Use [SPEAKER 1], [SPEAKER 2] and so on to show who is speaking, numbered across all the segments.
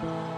[SPEAKER 1] Bye.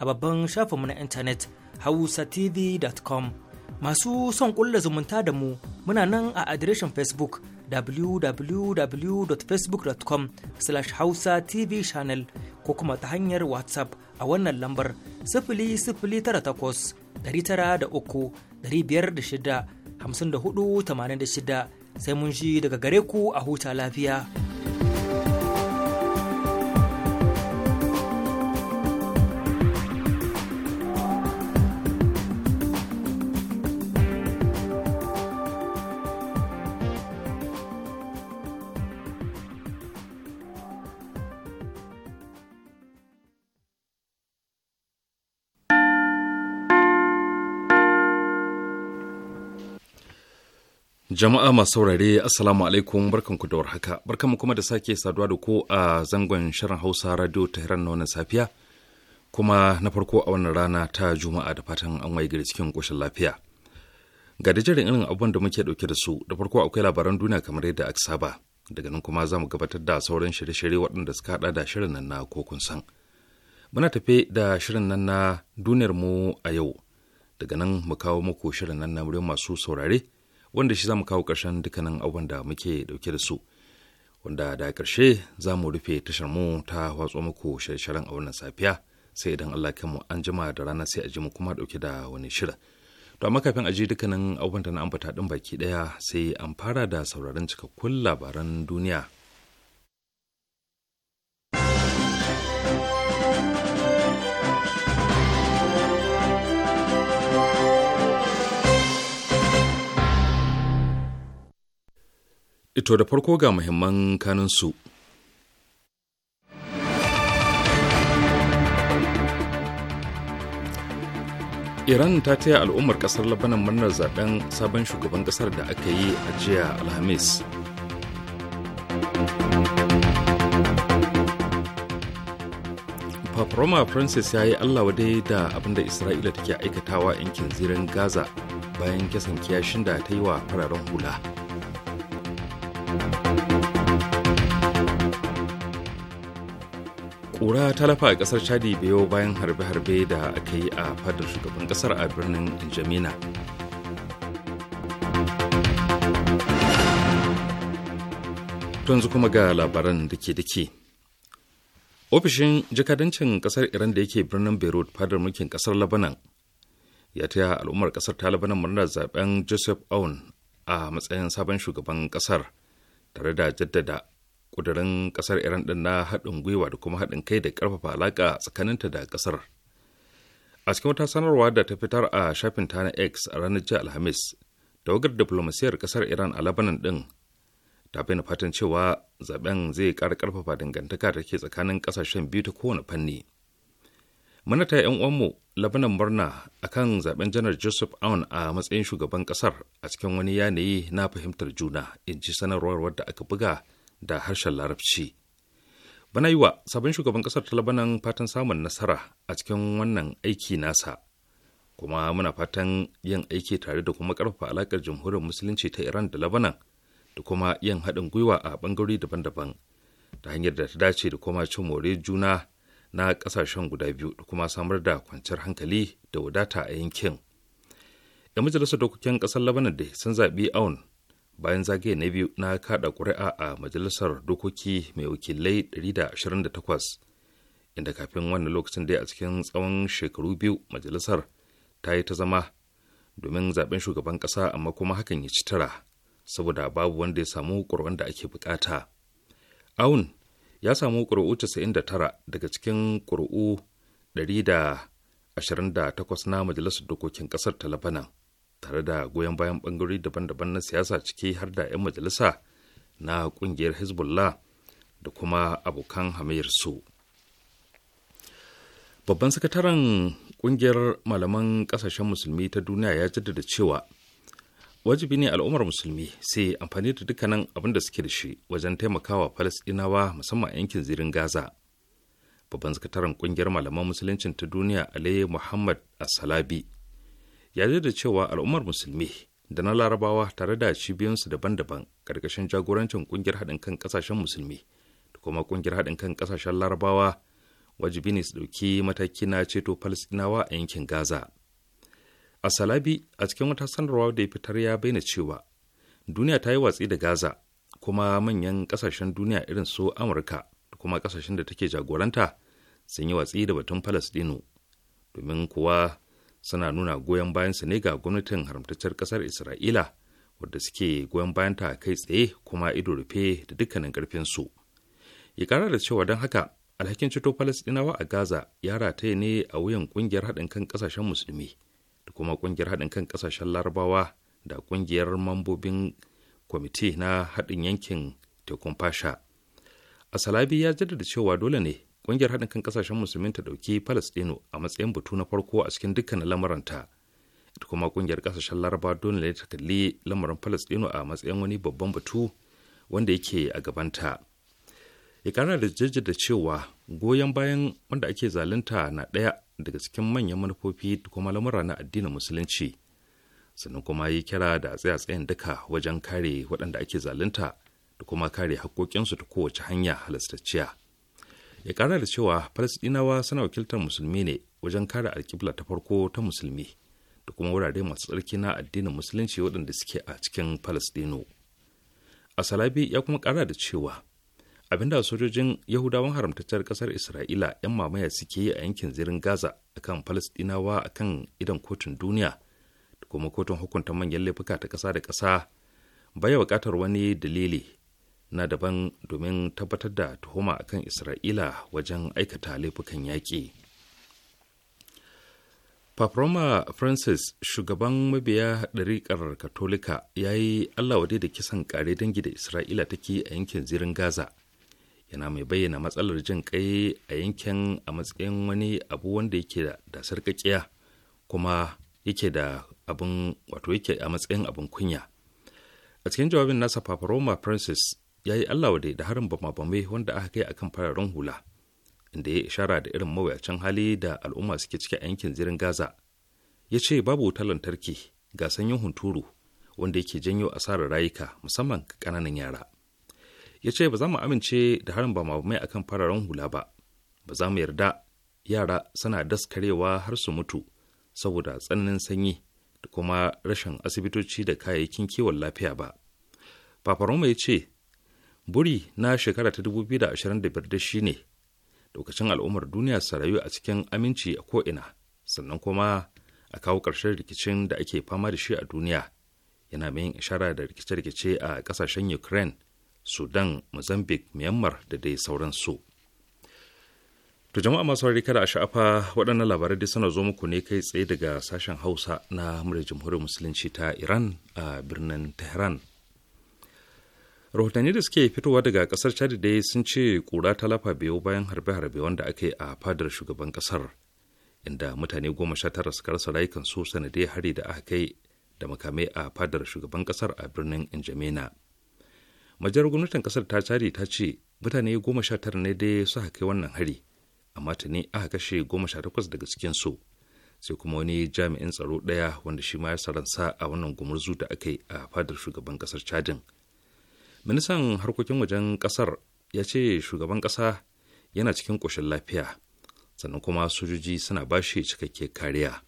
[SPEAKER 1] a babban shafinmu na intanet hausatv.com masu son kulla zumunta da mu muna nan a adireshin facebook www.facebook.com slash hausa tv channel ko kuma ta hanyar whatsapp a wannan lambar sifili sifili da takwas tara uku biyar shida hamsin da sai mun shi daga gare ku a huta lafiya.
[SPEAKER 2] Jama'a masu saurare Assalamu alaikum barkanku da warhaka. Barkanmu kuma da sake saduwa da ku a zangon shirin Hausa Radio Tehran na wannan safiya. Kuma na farko a wannan rana ta Juma'a da fatan an waye gari cikin koshin lafiya. Ga da jerin irin abubuwan da muke dauke da su, da farko akwai labaran duniya kamar yadda aka saba. Daga nan kuma za mu gabatar da sauran shirye-shirye waɗanda suka haɗa da shirin nan na kokun san. Muna tafe da shirin nan na duniyar mu a yau. Daga nan mu kawo muku shirin nan na masu saurare. wanda shi za mu kawo ƙarshen dukkanin abubuwan da muke ɗauke da su wanda da ƙarshe za mu rufe tashar mu ta watso muku shirye-shiryen a wannan safiya sai idan Allah kanmu an jima da rana sai a ji mu kuma ɗauke da wani shirin to amma kafin a ji dukkanin abubuwan da na ambata ɗin baki ɗaya sai an fara da sauraron cikakkun labaran duniya Ito da farko ga muhimman kaninsu. Iran ta taya al'ummar ƙasar Labanan murnar zaben sabon shugaban ƙasar da aka yi a jiya Alhamis. Papa Roma Francis ya yi Allah wadai da abinda Isra'ila take aikatawa yankin zirin Gaza bayan kisan kiyashin da ta yi wa fararen hula. kura ta lafa a kasar chadi biyo bayan harbe-harbe da aka yi a fadar shugaban kasar a birnin jamina yanzu kuma ga labaran da ke dake ofishin jakadancin kasar iran da yake birnin beirut fadar mulkin kasar labanan ya taya al'ummar kasar ta labanan murnar zaben joseph aoun a matsayin sabon shugaban kasar tare da jaddada kudirin kasar iran din na haɗin gwiwa da kuma haɗin kai da ƙarfafa alaƙa tsakaninta da ƙasar a cikin wata sanarwa da ta fitar a shafin ta na x a ranar jiya alhamis tawagar diplomasiyar ƙasar iran a labanan din ta na fatan cewa zaben zai ƙara ƙarfafa dangantaka da ke tsakanin ƙasashen biyu ta kowane fanni manata ta yan uwanmu labanan murna a kan zaben janar joseph aun a matsayin shugaban kasar a cikin wani yanayi na fahimtar juna in ji sanarwar wadda aka buga da harshen larabci bana yi wa sabon shugaban kasar ta labanan fatan samun nasara a cikin wannan aiki nasa kuma muna fatan yin aiki tare da kuma karfafa alakar jamhuriyar musulunci ta iran da labanan da kuma yin haɗin gwiwa a ɓangarori daban-daban ta hanyar da ta dace da kuma cin more juna na kasashen guda biyu da kuma samar da kwanciyar hankali da wadata a yankin. 'Yan majalisar dokokin ƙasar Labanan da sun zaɓi aun bayan zagaye na biyu na kaɗa ƙuri'a a majalisar dokoki mai wakilai 128 inda kafin wannan lokacin dai a cikin tsawon shekaru biyu majalisar ta yi ta zama domin zaɓen shugaban ƙasa amma kuma hakan ya ci tara saboda babu wanda ya samu da ake bukata. Aun ya samu ƙuri'u 99 daga cikin ƙuri'u 128 na majalisar dokokin ƙasar ta labanan tare da goyon bayan ɓangarori daban-daban na siyasa ciki har da 'yan majalisa na ƙungiyar hezbollah da kuma abokan hamayyar su babban sakataren ƙungiyar malaman ƙasashen musulmi ta duniya ya jaddada cewa wajibi ne al'ummar musulmi sai amfani da dukkanin abin da suke da shi wajen taimakawa falasɗinawa musamman a yankin zirin gaza babban sakataren kungiyar malaman musuluncin ta duniya alayi muhammad asalabi ya da cewa al'ummar musulmi da na larabawa tare da cibiyansu daban-daban karkashin jagorancin kungiyar haɗin kan ƙasashen musulmi da kuma kungiyar haɗin kan ƙasashen larabawa wajibi ne su ɗauki mataki na ceto falasɗinawa a yankin gaza a salabi a cikin wata sanarwa da ya fitar ya bayyana cewa duniya ta yi watsi da gaza kuma manyan kasashen duniya irin su amurka da kuma kasashen da take jagoranta sun yi watsi da batun palestino domin kuwa suna nuna goyon bayansu ne ga gwamnatin haramtaccen kasar isra'ila wadda suke goyon bayanta kai tsaye kuma ido rufe da dukkanin karfinsu ya kara da cewa don haka alhakin ceto Falastinawa a gaza ya rataye ne a wuyan kungiyar haɗin kan kasashen musulmi kuma ƙungiyar haɗin kan ƙasashen larabawa da ƙungiyar mambobin kwamiti na haɗin yankin tekun fasha asalabi ya jaddada cewa dole ne ƙungiyar haɗin kan ƙasashen musulmin ta ɗauki palestino a matsayin butu na farko a cikin dukkanin lamuranta ita kuma ƙungiyar ƙasashen larabawa dole ne ta kalli lamarin palestino a matsayin wani babban batu wanda yake a gabanta ya ƙara da jaddada cewa goyon bayan wanda ake zalunta na ɗaya daga cikin manyan manufofi da kuma lamura na addinin musulunci sannan kuma yi kira da tsaya tsayin duka wajen kare waɗanda ake zalunta da kuma kare haƙoƙinsu ta kowace hanya halastacciya ya ƙara da cewa falasɗinawa suna wakiltar musulmi ne wajen kare alƙibla ta farko ta musulmi da kuma wurare masu tsarki na addinin musulunci waɗanda suke a cikin falasɗinu asalabi ya kuma ƙara da cewa abinda sojojin yahudawan haramtacciyar kasar isra'ila 'yan mamaya suke yi a yankin zirin gaza akan falastinawa akan idan kotun duniya da kuma kotun hukunta manyan laifuka ta kasa da kasa baya bukatar wani dalili na daban domin tabbatar da tuhuma akan isra'ila wajen aikata laifukan yaƙi paproma francis shugaban mabiya ɗariƙar katolika ya yi allah wade da kisan ƙare dangi da isra'ila take a yankin zirin gaza yana mai bayyana matsalar jin kai a yankin a matsayin wani abu wanda yake da sarƙaƙiya kuma yake da abin wato yake a matsayin abin kunya a cikin jawabin nasa paparoma francis ya yi allah da harin bamabamai wanda aka kai akan fararen hula inda ya ishara da irin mawuyacin hali da al'umma suke ciki a yankin zirin gaza ya ce babu wuta lantarki ga sanyin hunturu wanda yake janyo asarar rayuka musamman ƙananan yara ya ce ba za mu amince da harin ba mai akan fararen hula ba ba za mu yarda yara suna daskarewa har su mutu saboda tsananin sanyi da kuma rashin asibitoci da kayayyakin kiwon lafiya ba papa roma ya ce buri na shekara ta 2025 shine lokacin al'ummar duniya su rayu a cikin aminci a ko'ina sannan kuma a kawo ƙarshen rikicin da ake fama da shi a duniya yana mai ishara da rikice-rikice a ƙasashen ukraine sudan mozambique myanmar da dai sauransu to jama'a masu saurari kada a sha'afa waɗannan labarai dai suna zo muku ne kai tsaye daga sashen hausa na murya jamhuriyar musulunci ta iran a birnin tehran rahotanni da suke fitowa daga kasar chad dai sun ce ƙura ta lafa biyu bayan harbe-harbe wanda aka yi a fadar shugaban kasar inda mutane goma sha tara suka rasa rayukan su sanadai hari da aka kai da makamai a fadar shugaban kasar a birnin injamena majiyar gwamnatin kasar ta cari ta ce mutane goma sha tara ne dai su kai wannan hari amma ta ne aka kashe goma sha takwas daga cikin su sai kuma wani jami'in tsaro ɗaya wanda shi ma ya saransa a wannan gumurzu da aka yi a fadar shugaban kasar chadin ministan harkokin wajen kasar ya ce shugaban kasa yana cikin ƙoshin lafiya sannan kuma sojoji suna ba shi cikakke kariya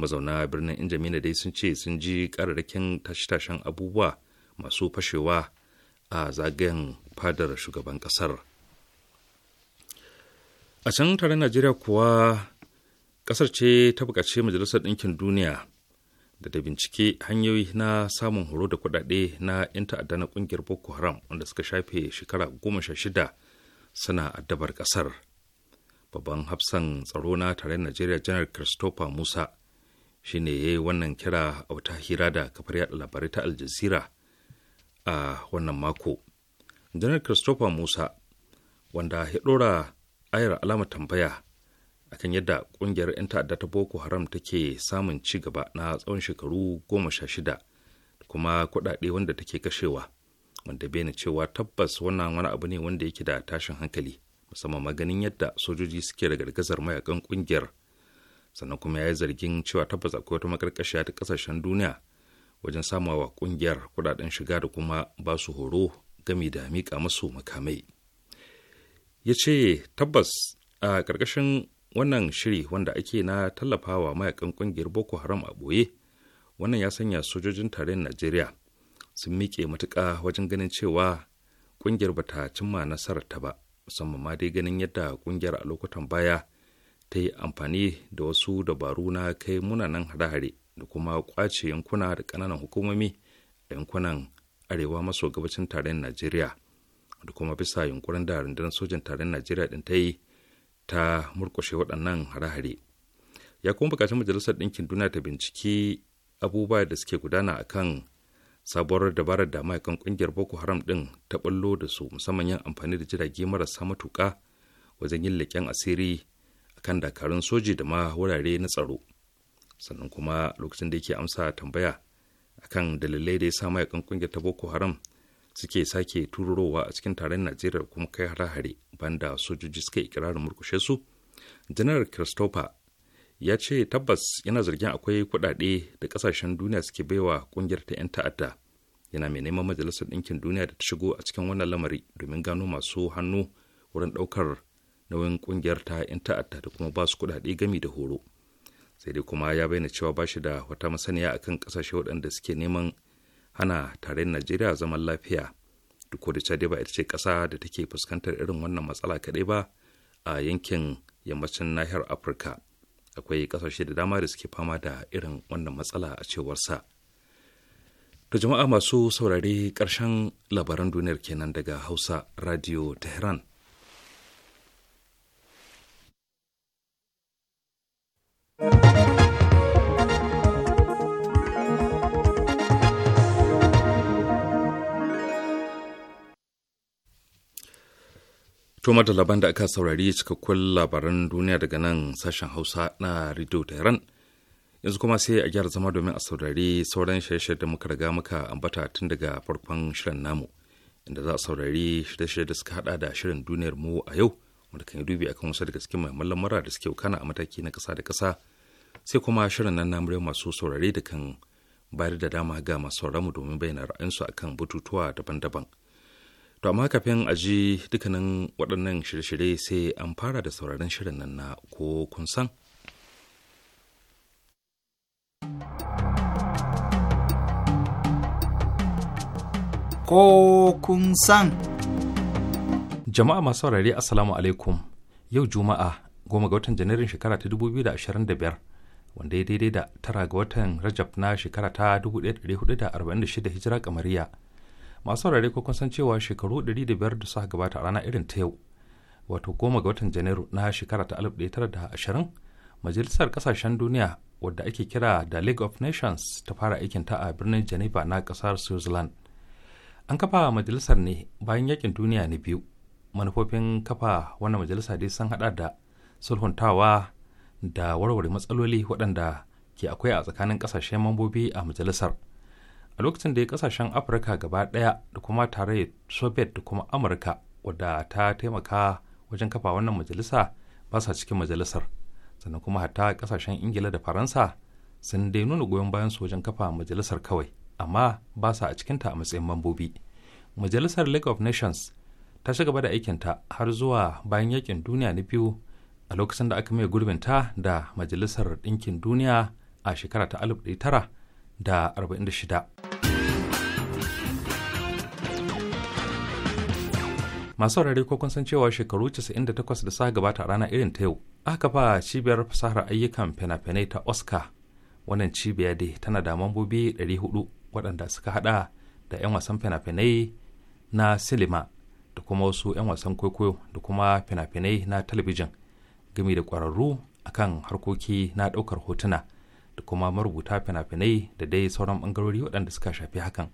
[SPEAKER 2] mazauna birnin injamina dai sun ce sun ji kararrakin tashe-tashen abubuwa masu fashewa a zagayen fadar shugaban ƙasar a can tare najeriya kuwa ƙasar ce ta buƙaci majalisar ɗinkin duniya da da bincike hanyoyi na samun horo da kuɗaɗe na 'yan ta'adda na ƙungiyar boko haram wanda suka shafe shekara goma sha shida suna addabar ƙasar babban hafsan tsaro na tare najeriya janar christopher musa shine ya yi wannan kira a wata hira da kafar yada labarai ta aljazira a wannan mako janar christopher musa wanda ya ɗora ayar alama tambaya akan yadda ƙungiyar 'yan ta'adda ta boko haram take samun ci gaba na tsawon shekaru goma sha shida da kuma kuɗaɗe wanda take kashewa wanda na cewa tabbas wannan wani abu ne wanda yake da tashin hankali musamman maganin yadda sojoji suke da gargazar mayakan ƙungiyar sannan kuma ya yi zargin cewa tabbas akwai wata makarkashiya ta ƙasashen duniya wajen samawa kungiyar kudaden shiga da kuma ba su horo gami da miƙa masu makamai ya ce tabbas a ƙarƙashin wannan shiri wanda ake na tallafawa mayakan kungiyar boko haram a ɓoye wannan ya sanya sojojin tarayyar najeriya sun miƙe matuƙa wajen ganin cewa kungiyar ba ta cimma nasarar ta ba musamman ma dai ganin yadda kungiyar a lokutan baya ta yi amfani da wasu dabaru na kai munanan hare-hare da kuma kwace yankuna da ƙananan hukumomi a yankunan arewa maso gabacin tarayyar najeriya da kuma bisa yunkurin da rundunar sojin tarayyar najeriya din ta yi ta murkushe waɗannan hare-hare ya kuma bukaci majalisar ɗinkin duniya ta binciki abubuwa da suke gudana a kan sabuwar dabarar da ma'aikan ƙungiyar boko haram ɗin ta ɓallo da su musamman yin amfani da jirage marasa matuƙa wajen yin leƙen asiri akan dakarun soji da ma wurare na tsaro sannan kuma lokacin da yake amsa tambaya akan dalilai da ya sa mayakan kungiyar ta boko haram suke sake tururowa a cikin taron najeriya kuma kai hare-hare banda sojoji suka ikirarin murkushe su janar christopher ya ce tabbas yana zargin akwai kuɗaɗe da ƙasashen duniya suke baiwa ƙungiyar ta 'yan ta'adda yana mai neman majalisar ɗinkin duniya da ta shigo a cikin wannan lamari domin gano masu hannu wurin ɗaukar nauyin ƙungiyar ta 'yan ta'adda da kuma ba su kuɗaɗe gami da horo sai dai kuma ya bayyana cewa ba shi da wata masaniya akan kasashe waɗanda suke neman hana tarayyar najeriya zaman lafiya duk da cewa ba ita ce ƙasa da take fuskantar irin wannan matsala kaɗai ba a yankin yammacin nahiyar afirka akwai ƙasashe da dama da suke fama da irin wannan matsala a cewar sa. to jama'a masu saurare ƙarshen labaran duniyar kenan daga hausa radio tehran Toma da laban da aka saurari cikakkun labaran duniya daga nan sashen Hausa na Radio Tehran. Yanzu kuma sai a gyara zama domin a saurari sauran shirye-shirye da muka riga muka ambata tun daga farkon shirin namu. Inda za a saurari shirye-shirye da suka hada da shirin duniyar mu a yau wanda kan yi dubi akan wasu daga cikin muhimman lamura da suke kana a mataki na kasa da kasa sai kuma shirin nan namurai masu saurari da kan bayar da dama ga masu mu domin bayyana ra'ayinsu akan bututuwa daban-daban. To amma kafin a ji dukkanin waɗannan shirye-shirye sai an fara da sauraron shirin nan na ko kun san. Ko kun san. Jama'a masu saurare Assalamu alaikum. Yau Juma'a goma ga watan Janairun shekara ta 2025 wanda ya daidai da tara ga watan Rajab na shekara ta 1446 Hijira kamariya. masu saurare ko kun san cewa shekaru 105 da suka gabata a rana irin ta yau wato goma ga watan janairu na shekara ta 1920 majalisar kasashen duniya wadda ake kira da league of nations ta fara aikin ta a birnin geneva na kasar switzerland an kafa majalisar ne bayan yakin duniya na biyu manufofin kafa wannan majalisa dai sun hada da sulhuntawa da warware matsaloli waɗanda ke akwai a tsakanin ƙasashen mambobi a majalisar a lokacin da ya kasashen afirka gaba daya da kuma tarayyar soviet da kuma amurka wadda ta taimaka wajen kafa wannan majalisa ba sa cikin majalisar sannan kuma hatta kasashen ingila da faransa sun dai nuna goyon bayan su wajen kafa majalisar kawai amma ba sa a cikinta a matsayin mambobi majalisar league of nations ta ci gaba da ta har zuwa bayan yakin duniya na biyu a lokacin da aka gurbin ta da majalisar ɗinkin duniya a shekara ta 1946 masu saurare ko kun san cewa shekaru 98 da suka gabata a rana irin ta yau aka fa cibiyar fasahar ayyukan fina-finai ta oscar wannan cibiyar dai tana da mambobi 400 waɗanda suka hada da 'yan wasan fina-finai na silima da kuma wasu 'yan wasan kwaikwayo da kuma fina-finai na talabijin gami da ƙwararru kan harkoki na ɗaukar hotuna da kuma marubuta fina-finai da dai sauran bangarori waɗanda suka shafi hakan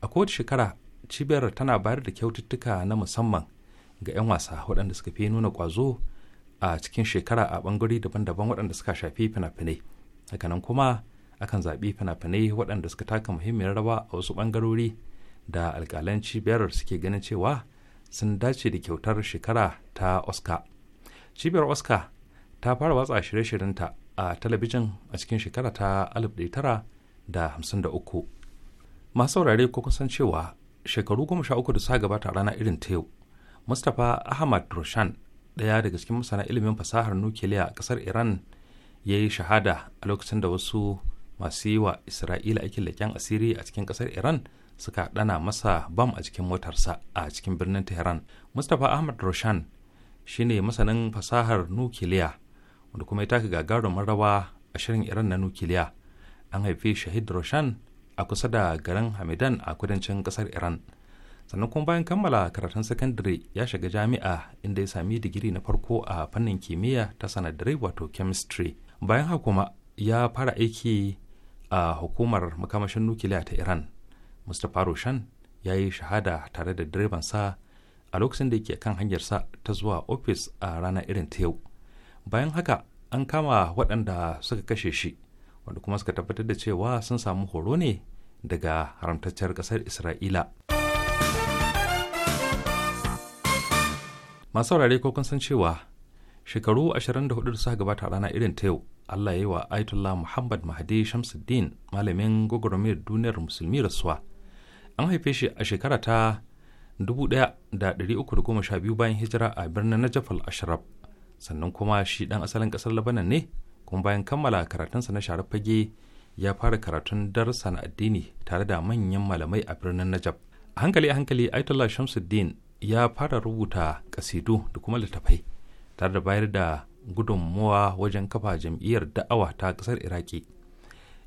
[SPEAKER 2] a kowace shekara cibiyar tana bayar da kyaututtuka na musamman ga 'yan wasa waɗanda suka fi nuna ƙwazo a cikin shekara a ɓangare daban-daban waɗanda suka shafi fina-finai nan kuma akan zaɓi fina-finai waɗanda suka taka muhimmiyar rawa a wasu ɓangarori da alƙalan cibiyar suke ganin cewa sun dace da kyautar shekara ta oscar cibiyar oscar ta fara watsa shirye-shiryenta a talabijin a cikin shekara ta 1953 masu saurare ko kusan cewa shekaru goma sha uku da sa gabata a rana irin ta yau mustapha ahmad roshan ɗaya daga cikin masana ilimin fasahar nukiliya a ƙasar iran ya yi shahada a lokacin da wasu masu yi wa isra'ila aikin leƙen asiri a cikin ƙasar iran suka ɗana masa bam a cikin motarsa a cikin birnin tehran mustapha ahmad roshan shine masanin fasahar nukiliya wanda kuma ya taka gagarumin rawa a shirin iran na nukiliya an haifi shahid roshan a kusa da garin hamidan a kudancin kasar iran sannan kuma bayan kammala karatun sakandare ya shiga jami'a inda ya sami digiri na farko a fannin kimiyya ta sanadare wato chemistry bayan haka kuma ya fara aiki a hukumar makamashin nukiliya ta iran mustapha roshan ya yi shahada tare da direban sa a lokacin da yake kan hanyarsa ta zuwa ofis a ranar irin ta yau bayan haka an kama waɗanda suka kashe shi wanda kuma suka tabbatar da cewa sun samu horo ne daga haramtacciyar kasar isra'ila masu saurare ko kun san cewa shekaru 24 da suka gabata rana irin ta yau allah ya yi wa aitullah muhammad mahdi shamsuddin malamin gwagwarmayar duniyar musulmi rasuwa an haife shi a shekara ta 1312 bayan hijira a birnin najaf al-ashraf sannan kuma shi dan asalin kasar labanan ne kuma bayan kammala karatunsa na share fage ya fara karatun darsa na addini tare da manyan malamai a birnin najab a hankali a hankali aitullah shamsuddin ya fara rubuta kasidu da kuma littafai tare da bayar da gudunmuwa wajen kafa jam'iyyar da'awa ta kasar iraki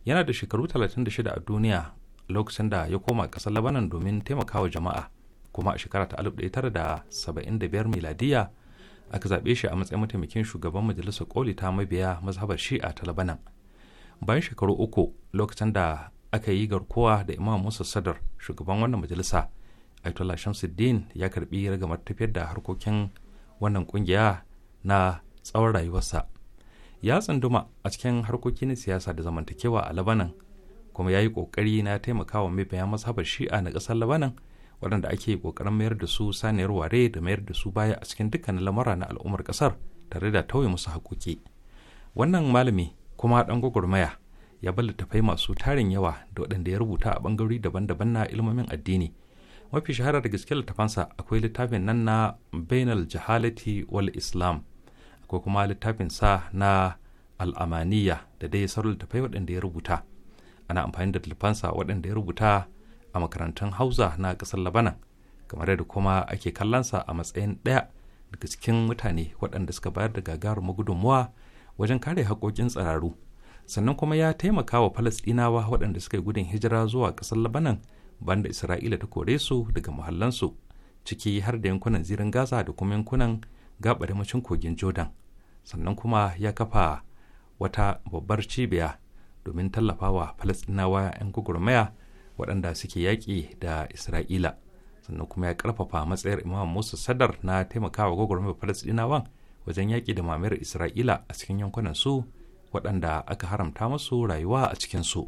[SPEAKER 2] yana da shekaru 36 a duniya lokacin da ya koma kasar labanan domin taimakawa jama'a kuma a shekara ta 1975 miladiya aka zaɓe shi a matsayin mataimakin shugaban majalisar koli ta mabiya mazhabar shi'a ta labanan bayan shekaru uku lokacin da aka yi garkuwa da imam musa sadar shugaban wannan majalisa aitola shamsuddin ya karbi ragamar tafiyar da harkokin wannan kungiya na tsawon rayuwarsa ya tsanduma a cikin harkoki na siyasa da zamantakewa a labanan kuma ya yi kokari na taimakawa mabiya mazhabar shi'a na ƙasar labanan waɗanda ake ƙoƙarin mayar da su saniyar ware da mayar da su baya a cikin dukkanin lamura na al'ummar ƙasar tare da tauye musu haƙoƙi wannan malami kuma ɗan gwagwarmaya ya bar littafai masu tarin yawa da waɗanda ya rubuta a ɓangarori daban-daban na ilmomin addini mafi shahara da gaske littafansa akwai littafin nan na bainal jahalati wal islam akwai kuma littafin sa na al'amaniya da dai sauran littafai waɗanda ya rubuta ana amfani da littafansa waɗanda ya rubuta a makarantun hausa na ƙasar labanan kamar da kuma ake kallonsa a matsayin ɗaya daga cikin mutane waɗanda suka bayar da gagarumar gudunmuwa wajen kare haƙoƙin tsararu sannan kuma ya taimaka wa falasɗinawa waɗanda suka yi gudun hijira zuwa ƙasar labanan banda isra'ila ta kore su daga muhallansu ciki har da yankunan zirin gaza da kuma yankunan macin kogin jordan sannan kuma ya kafa wata babbar cibiya domin tallafawa falasɗinawa 'yan gugurmaya waɗanda suke yaƙi da isra'ila sannan kuma ya ƙarfafa matsayar imam musa sadar na taimakawa gwagwarmar falasɗinawa wajen yaƙi da mamayar isra'ila a cikin yankunan su waɗanda aka haramta musu rayuwa a cikin su.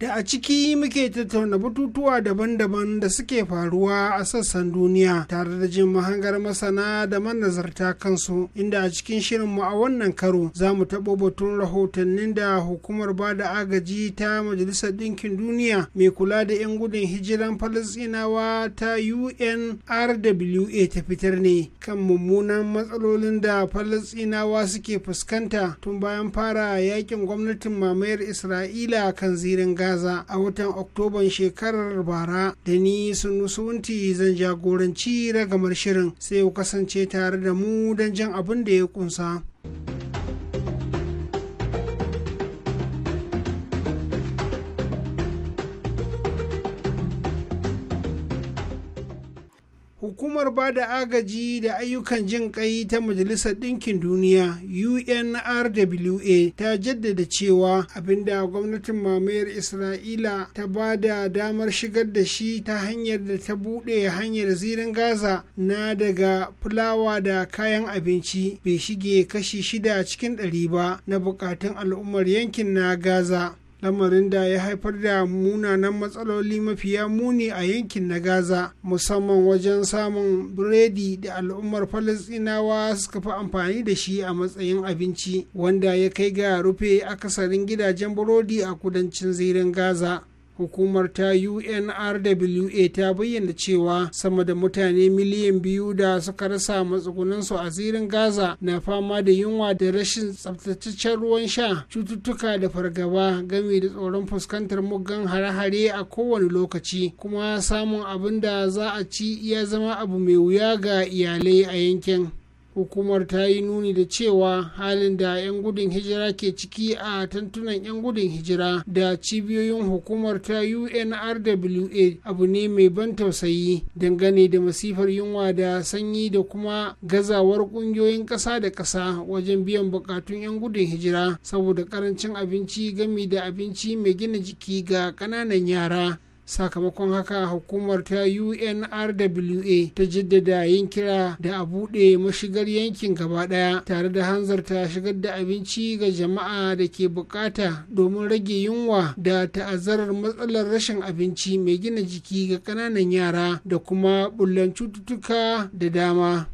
[SPEAKER 3] da a ciki muke tattauna batutuwa daban-daban da suke faruwa a sassan duniya tare da jin mahangar masana da manazarta kansu inda a cikin shirinmu a wannan karo za mu taɓo batun rahotannin da hukumar ba da agaji ta majalisar ɗinkin duniya mai kula da 'yan gudun hijiran falasinawa ta unrwa ta fitar ne kan mummunan matsalolin da falasinawa suke fuskanta tun bayan fara yakin gwamnatin mamayar isra'ila kan zirin gaza gaza a watan oktoban shekarar bara da ni sun sunusunti zan jagoranci ragamar shirin sai ku kasance tare da mu don jan abin da ya kunsa hukumar ba da agaji da ayyukan jin ƙai ta majalisar ɗinkin duniya unrwa ta jaddada cewa abinda gwamnatin mamayar isra'ila ta ba da damar shigar da shi ta hanyar da ta buɗe hanyar zirin gaza na daga fulawa da kayan abinci bai shige kashi shida cikin ɗari ba na buƙatun al'ummar yankin na gaza lamarin da ya haifar da munanan matsaloli mafiya muni a yankin na gaza musamman wajen samun biredi da al'ummar falasinawa suka fi amfani da shi a matsayin abinci wanda ya kai ga rufe akasarin gidajen burodi a kudancin zirin gaza hukumar ta unrwa ta bayyana cewa sama da mutane miliyan biyu da suka rasa matsugunansu a zirin gaza na fama da yunwa da rashin tsabtataccen ruwan sha cututtuka da fargaba game da tsoron fuskantar muggan hare-hare a kowane lokaci kuma samun abin da za a ci ya zama abu mai wuya ga iyalai a yankin hukumar ta yi nuni da cewa halin da 'yan gudun hijira ke ciki a tantunan 'yan gudun hijira da cibiyoyin hukumar ta unrwa abu ne mai ban tausayi dangane da masifar yunwa da sanyi da kuma gazawar kungiyoyin ƙasa da ƙasa wajen biyan bukatun 'yan gudun hijira saboda ƙarancin abinci gami da abinci mai gina jiki ga ƙananan yara sakamakon haka hukumar ta unrwa ta jaddada yin kira da a buɗe mashigar yankin gaba ɗaya tare da hanzarta shigar da abinci ga jama'a da ke bukata domin rage yunwa da ta'azzarar matsalar rashin abinci mai gina jiki ga ƙananan yara da kuma bullan cututtuka da dama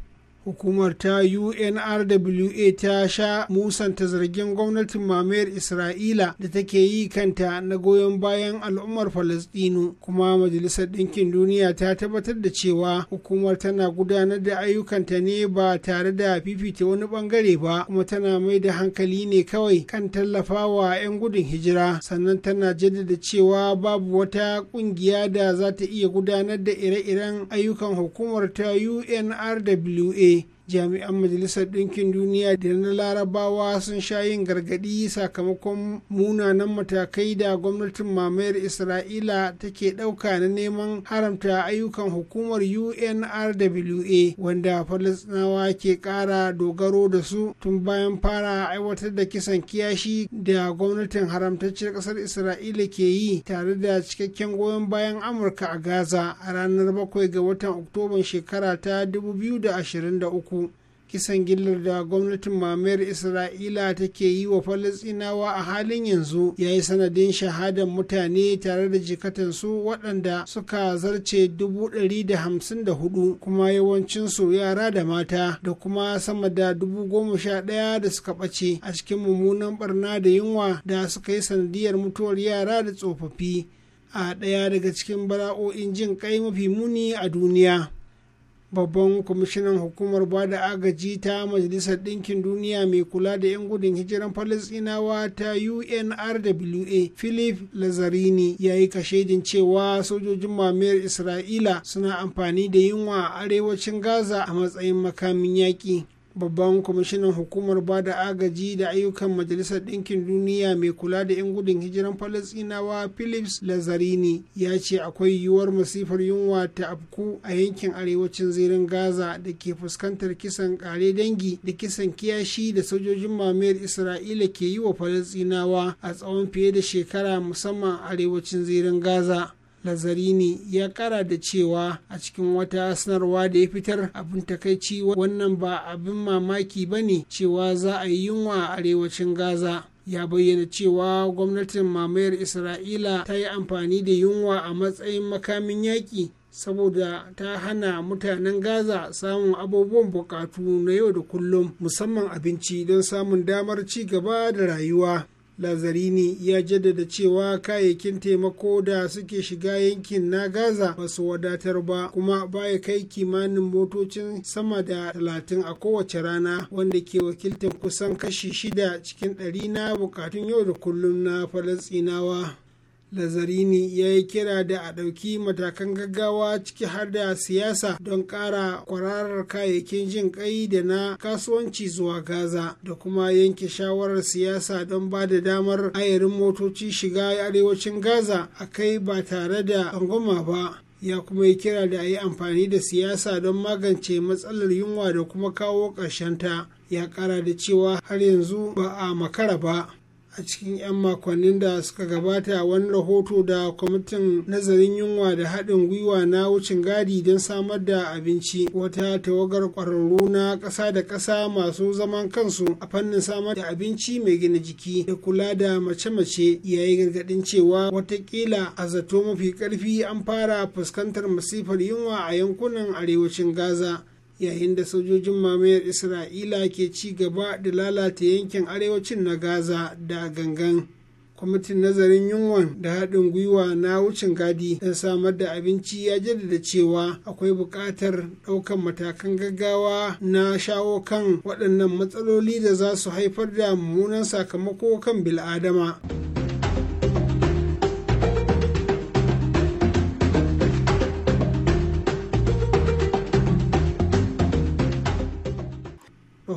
[SPEAKER 3] hukumar ta unrwa ta sha musanta zargin gwamnatin mamayar isra'ila da take yi kanta na goyon bayan al'ummar falasdino kuma majalisar ɗinkin duniya ta tabbatar da cewa hukumar tana gudanar da ayyukanta ne ba tare da fifita wani bangare ba kuma tana mai da hankali ne kawai kan tallafawa 'yan gudun hijira sannan tana jaddada cewa babu wata kungiya da za ta iya gudanar da ire-iren ayyukan hukumar ta unrwa jami'an majalisar ɗinkin duniya da na larabawa sun sha yin gargaɗi sakamakon munanan matakai da gwamnatin mamayar isra'ila take ɗauka na neman haramta ayyukan hukumar unrwa wanda falasɗinawa ke ƙara dogaro da su tun bayan fara aiwatar da kisan kiyashi da gwamnatin haramtaccen ƙasar isra'ila ke yi tare da cikakken goyon bayan amurka a gaza a ranar bakwai ga watan oktoban shekara ta 2023 kisan gillar da gwamnatin mamayar isra'ila take yi wa falasinawa a halin yanzu ya yi sanadin shahadar mutane tare da jikatansu waɗanda suka zarce dubu ɗari da hamsin da hudu kuma yawancinsu yara da mata da kuma sama da dubu goma sha ɗaya da suka ɓace a cikin mummunan barna da yunwa da suka yi sanadiyar mutuwar yara da tsofaffi a ɗaya daga cikin bala'o'in jin kai mafi muni a duniya babban kwamishinan hukumar ba da agaji ta majalisar ɗinkin duniya mai kula da 'yan gudun hijiran falasɗinawa ta unrwa philip lazarini ya yi kashedin cewa sojojin mamayar isra'ila suna amfani da yunwa a arewacin gaza a matsayin makamin yaƙi babban kwamishinan hukumar ba da agaji da ayyukan majalisar ɗinkin duniya mai kula da 'yan gudun hijiran falasinawa philips lazarini ya ce akwai yiwuwar masifar yunwa ta afku a yankin arewacin zirin gaza da ke fuskantar kisan ƙare dangi da kisan kiyashi da sojojin mamayar isra'ila ke yi wa falasinawa a tsawon fiye da shekara musamman arewacin zirin gaza Lazarini ya kara da cewa a cikin wata sanarwa da ya fitar abin takaici wannan ba abin mamaki ba ne cewa za a yi yunwa a arewacin Gaza. ya bayyana cewa gwamnatin mamayar isra'ila ta yi amfani da yunwa a matsayin makamin yaƙi saboda ta hana mutanen gaza samun abubuwan buƙatu na yau da kullum musamman abinci don samun damar ci gaba da rayuwa lazarini ya jaddada cewa kayayyakin taimako da suke shiga yankin na gaza ba su wadatar ba kuma baya kai kimanin motocin sama da talatin a kowace rana wanda ke wakiltar kusan kashi shida cikin ɗari na bukatun yau da kullum na falasinawa lazarini ya yi kira da a ɗauki matakan gaggawa ciki har da siyasa don ƙara kwararar kayayyakin jin ƙai da na kasuwanci zuwa gaza da kuma yanke shawarar siyasa don ba da damar ayarin motoci shiga arewacin gaza a kai ba tare da tsangwama ba ya kuma yi kira da a yi amfani da siyasa don magance matsalar yunwa da kuma kawo ta. ya ƙara da cewa har yanzu ba a makara ba a cikin 'yan makonnin da suka gabata wani rahoto da kwamitin nazarin yunwa da haɗin gwiwa na wucin gadi don samar da abinci wata tawagar ƙwararru na ƙasa da ƙasa masu zaman kansu a fannin samar da abinci mai gina jiki da kula da mace-mace yayi gargaɗin cewa watakila a zato mafi ƙarfi an fara fuskantar masifar yunwa a yankunan arewacin gaza yayin da sojojin mamayar isra'ila ke ci gaba da lalata yankin arewacin na gaza da gangan kwamitin nazarin yunwan da haɗin gwiwa na wucin gadi don samar da abinci ya jaddada cewa akwai buƙatar ɗaukan matakan gaggawa na shawo kan waɗannan matsaloli da za su haifar da mummunan sakamako kan bil'adama.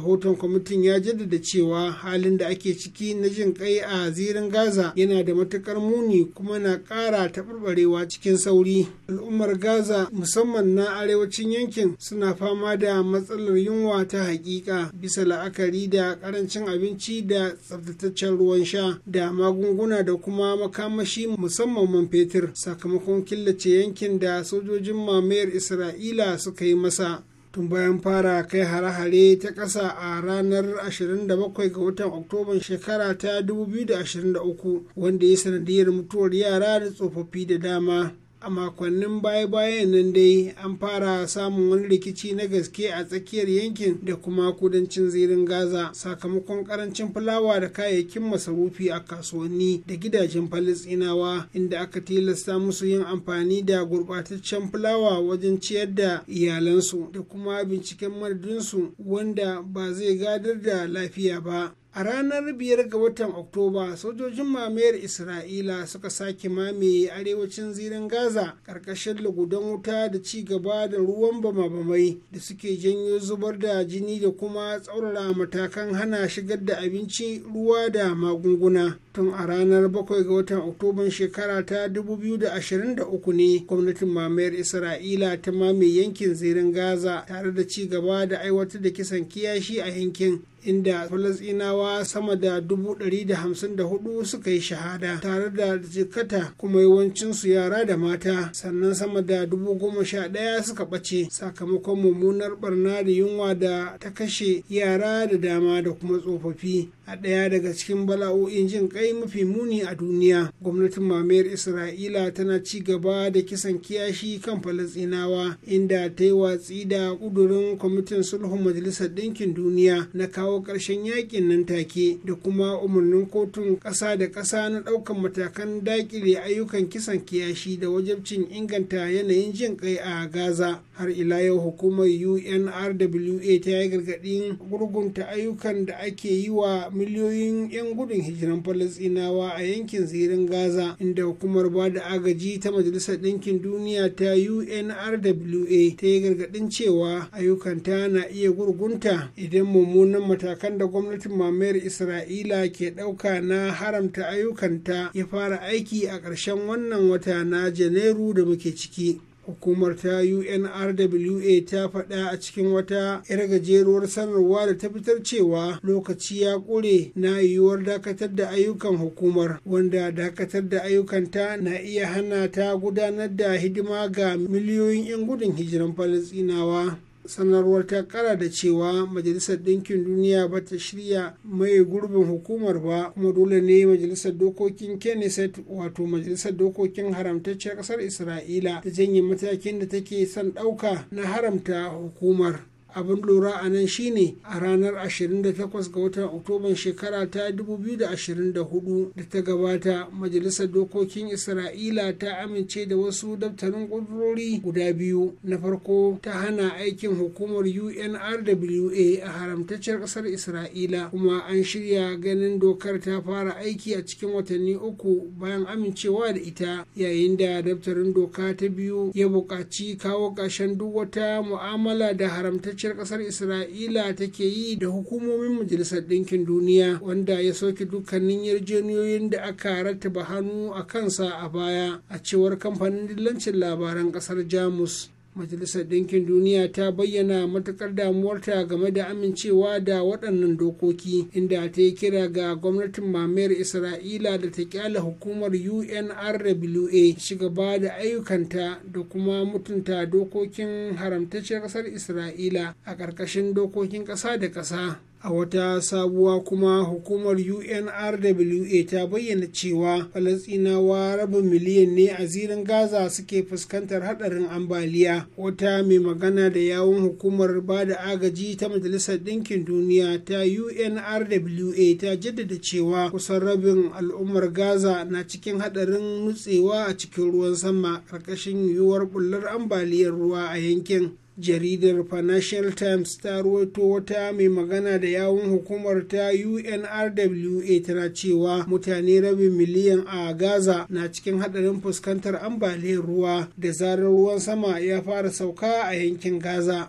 [SPEAKER 3] rahoton kwamitin ya jaddada cewa halin da ake ciki na jin kai a zirin gaza yana da matukar muni kuma na ƙara taɓarɓarewa cikin sauri al'ummar gaza musamman na arewacin yankin suna fama da matsalar yunwa ta hakika bisa la'akari da ƙarancin abinci da tsaftataccen ruwan sha da magunguna da kuma makamashi musamman man fetur sakamakon killace yankin da sojojin mamayar isra'ila suka yi masa tun bayan fara kai hare-hare ta ƙasa a ranar 27 ga watan oktoban shekara ta 2023 wanda ya sanadiyar mutuwar yara da tsofaffi da dama a makonnin baya-bayan nan dai an fara samun wani rikici na gaske a tsakiyar yankin da kuma kudancin zirin gaza sakamakon karancin fulawa da kayayyakin masarufi a kasuwanni da gidajen falisinawa inda aka tilasta musu yin amfani da gurbataccen fulawa wajen ciyar da iyalansu da kuma binciken madadinsu wanda ba zai gadar da lafiya ba a ranar biyar ga watan oktoba sojojin mamayar isra'ila suka sake mamaye arewacin zirin gaza ƙarƙashin lagudan wuta da ci gaba da ruwan bama-bamai da suke janyo zubar da jini da kuma tsaurara matakan hana shigar da abinci ruwa da magunguna tun a ranar 7 ga watan oktoban shekara ta 2023 ne gwamnatin mamayar isra'ila ta mamaye yankin zirin gaza tare da ci gaba da aiwatar da kisan kiyashi a yankin inda falasinawa sama da dubu da da hamsin hudu suka yi shahada tare da jikata kuma yawancinsu yara da mata sannan sama da dubu goma sha ɗaya suka bace sakamakon mummunar barna da yunwa da ta kashe yara da dama da kuma tsofaffi a ɗaya daga cikin bala'o'in jin kai mafi muni a duniya gwamnatin mamayar isra'ila tana ci gaba da kisan kiyashi kan falasinawa inda ta yi watsi da ƙudurin kwamitin sulhun majalisar ɗinkin duniya na kawo kawo ƙarshen yakin nan take da kuma umarnin kotun ƙasa da ƙasa na ɗaukan matakan daƙile ayyukan kisan kiyashi da wajabcin inganta yanayin jin kai a gaza har ila yau hukumar unrwa ta yi gargaɗin gurgunta ayyukan da ake yi wa miliyoyin 'yan gudun hijiran falastinawa a yankin zirin gaza inda hukumar ba da agaji ta majalisar ɗinkin duniya ta unrwa ta yi gargaɗin cewa ayyukanta na iya gurgunta idan mummunan mata. matakan da gwamnatin mamayar isra'ila ke ɗauka na haramta ayyukanta ya fara aiki a ƙarshen wannan wata na janairu da muke ciki hukumar ta unrwa ta faɗa a cikin wata 'yar gajeruwar sanarwa da ta fitar cewa lokaci ya ƙure na yiwuwar dakatar da ayyukan hukumar wanda dakatar da ayyukanta na iya hana ta gudanar da hidima ga miliyoyin 'yan gudun hijiran falasinawa sanarwar ta kara da cewa majalisar ɗinkin duniya ba ta shirya mai gurbin hukumar ba kuma dole ne majalisar dokokin kenneset wato majalisar dokokin haramtacciyar ƙasar isra'ila ta janye matakin da take son ɗauka na haramta hukumar abin lura a nan shine a ranar 28 ga watan oktoban shekara ta 2024 da ta gabata majalisar dokokin isra'ila ta amince da wasu daftarin ƙudurori guda biyu na farko ta hana aikin hukumar unrwa a haramtacciyar ƙasar isra'ila kuma an shirya ganin dokar ta fara aiki a cikin watanni uku bayan amincewa da ita yayin da daftarin doka ta biyu ya buƙaci kawo ƙarshen duk wata mu'amala da haramtacciyar haramtacciyar ƙasar isra'ila take yi da hukumomin majalisar ɗinkin duniya wanda ya soke dukkanin yarjejeniyoyin da aka rattaba hannu a kansa a baya a cewar kamfanin dillancin labaran ƙasar jamus majalisar ɗinkin duniya ta bayyana matuƙar damuwarta game da amincewa da waɗannan dokoki inda ta yi kira ga gwamnatin mamayar isra'ila da ta kyala hukumar unrwa shigaba da ayyukanta da kuma mutunta dokokin haramtacciyar ƙasar isra'ila a ƙarƙashin dokokin ƙasa da ƙasa a wata sabuwa kuma hukumar unrwa ta bayyana cewa falasinawa rabin miliyan ne a zirin gaza suke fuskantar hadarin ambaliya wata mai magana da yawon hukumar ba da agaji ta majalisar ɗinkin duniya ta unrwa ta jaddada cewa kusan rabin al'ummar gaza na cikin hadarin nutsewa a cikin ruwan sama ƙarƙashin yiwuwar bullar ambaliyar ruwa a yankin jaridar financial times ta ruwaito wata mai magana da yawun hukumar ta unrwa tana cewa mutane rabin miliyan a gaza na cikin hadarin fuskantar ambaliyar ruwa da zarar ruwan sama ya fara sauka a yankin gaza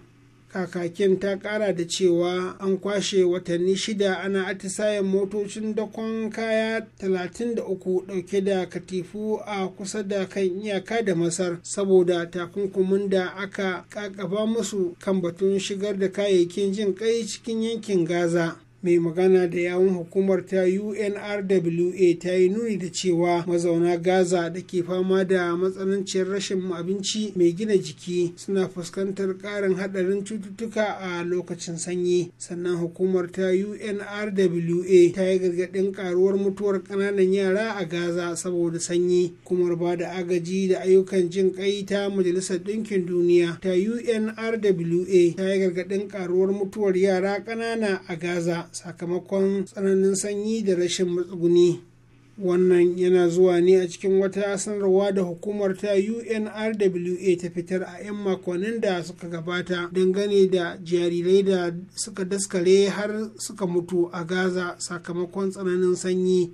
[SPEAKER 3] kakakin ta kara da cewa an kwashe watanni shida ana atisayen motocin dakon kaya 33 dauke da katifu a kusa da kan iyaka da masar saboda takunkumin da aka kakaba musu kan batun shigar da kayayyakin jin kai cikin yankin gaza mai magana da yawun hukumar ta unrwa ta yi nuni da cewa mazauna gaza da ke fama da matsananciyar rashin abinci mai gina jiki suna fuskantar karin hadarin cututtuka a lokacin sanyi sannan hukumar ta unrwa ta yi gargadin karuwar mutuwar ƙananan yara a gaza saboda sanyi kuma ba da agaji da ayyukan jin kai ta majalisar ɗinkin duniya ta unrwa ta yi gargadin karuwar mutuwar yara ƙanana a gaza sakamakon tsananin sanyi da rashin matsuguni wannan yana zuwa ne a cikin wata sanarwa da hukumar ta unrwa ta fitar a 'yan makonnin da suka gabata dangane da jarirai da suka daskare har suka mutu a gaza sakamakon tsananin sanyi.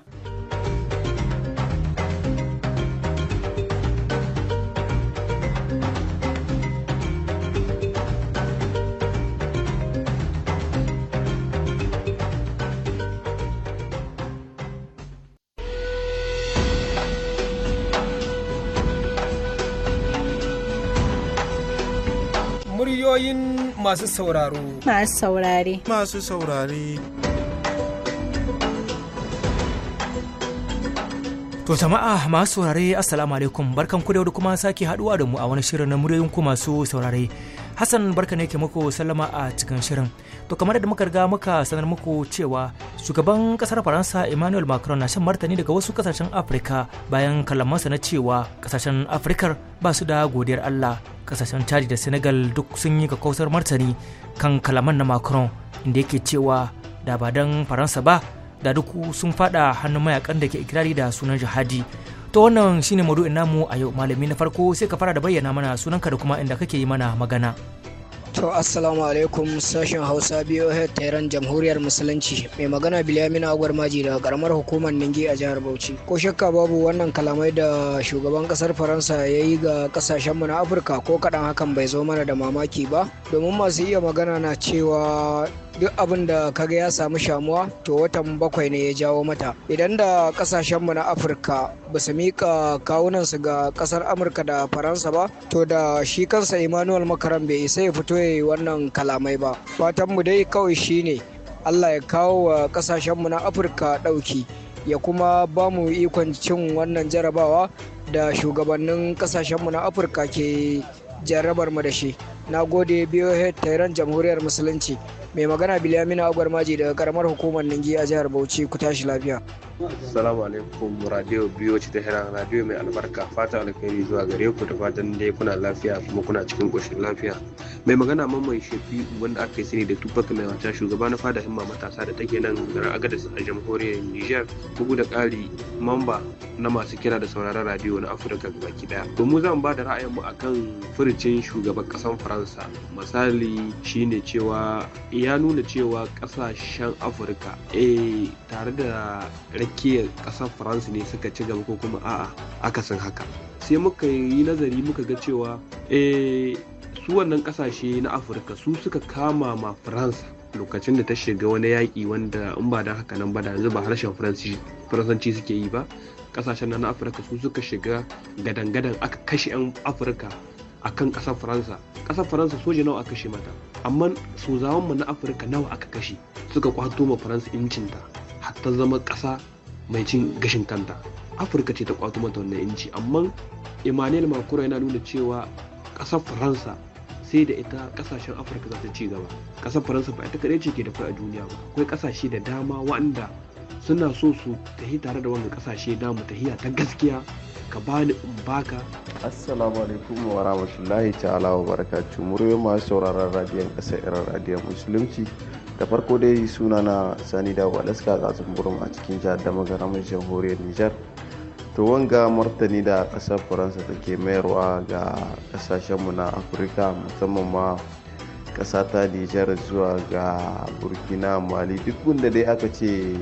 [SPEAKER 3] masu sauraro.
[SPEAKER 4] Masu saurare. Masu saurare.
[SPEAKER 1] To jama'a masu saurare assalamu alaikum barkan ku da kuma sake haduwa da mu a wani shirin na muryoyin ku masu saurare. Hassan barka ne ke muku sallama a cikin shirin. To kamar da muka riga muka sanar muku cewa shugaban kasar Faransa Emmanuel Macron na shan martani daga wasu kasashen Afirka bayan kalamansa na cewa kasashen Afirkar ba su da godiyar Allah. Kasashen Chad da Senegal duk sun yi kakausar martani kan kalaman na Macron inda yake cewa da ba dan Faransa ba da duk sun fada hannun mayakan da ke ikirari da sunan jihadi. To wannan shine maudu'in namu a yau malami na farko sai ka fara da bayyana mana sunanka da kuma inda kake yi mana magana.
[SPEAKER 5] To assalamu alaikum sashen Hausa biyo Tehran Jamhuriyar Musulunci mai magana Bilamina Agwar Maji daga karamar hukumar Ningi a jihar Bauchi. Ko shakka babu wannan kalamai da shugaban kasar Faransa ya yi ga kasashen mu na Afirka ko kadan hakan bai zo mana da mamaki ba domin masu iya magana na cewa duk abin da kaga ya samu shamuwa to watan bakwai ne ya jawo mata idan da kasashenmu na afirka ba su miƙa kawunansu ga ƙasar amurka da faransa ba to da shi kansa emmanuel makaran bai isa ya fito ya wannan kalamai ba fatanmu dai kawai shi ne, allah ya kawo wa kasashenmu na afirka ɗauki ya kuma ba mu ikon cin wannan jarabawa da shugabannin kasashenmu na afirka ke jarabar mu da shi na gode biyo tairan jamhuriyar musulunci Mai magana Bilyaminu Agwar Maji daga karamar hukumar Ningi a jihar Bauchi ku tashi lafiya.
[SPEAKER 6] Assalamu alaikum radio biyo ci Tehran radio mai albarka fata alkhairi zuwa gare ku da fatan dai kuna lafiya kuma kuna cikin koshin lafiya. Mai magana mai shafi wanda aka yi sani da Tupac mai wata shugaba na fada himma matasa da take nan garin agada a jamhuriyar Niger bugu da ƙari mamba na masu kira da sauraron radio na Afirka gabaki daya. To zan ba da ra'ayin mu akan furucin shugaban kasan Faransa. Misali shine cewa ya nuna cewa ƙasashen Afirka eh tare da tsakiyar ƙasar faransa ne suka ci gaba ko kuma a'a akasin haka sai muka yi nazari muka ga cewa eh, su wannan kasashe na afirka su suka kama ma faransa lokacin da ta shiga wani yaƙi wanda in ba da haka nan ba da yanzu ba harshen faransanci suke yi ba ƙasashen na afirka su suka shiga gadan aka kashe 'yan afirka a kan ƙasar faransa ƙasar faransa soja nawa aka kashe mata amma su zawon mu na afirka nawa aka kashe suka kwato ma faransa incinta har ta zama ƙasa mai cin gashin kanta afirka ce ta kwato mata wannan inci amma emmanuel makura yana nuna cewa ƙasar faransa sai da ita kasashen afirka za ta ci gaba ƙasar faransa ba ita kaɗai ce ke da kai a duniya ba akwai kasashe da dama wanda suna so su tafi tare da wannan kasashe mu tahiya ta gaskiya ka bani in baka
[SPEAKER 7] assalamu alaikum wa rahmatullahi ta'ala wa barakatuh muryoyin masu sauraron radiyon kasar iran radiyon musulunci da farko dai suna na sani da walaska tsatsun burum a cikin jihar da magaramin jamhuriyar nijar to wanga martani da kasar faransa ke mayarwa ga kasashenmu na afirka musamman ma kasa ta nijar zuwa ga burkina mali duk wanda dai aka ce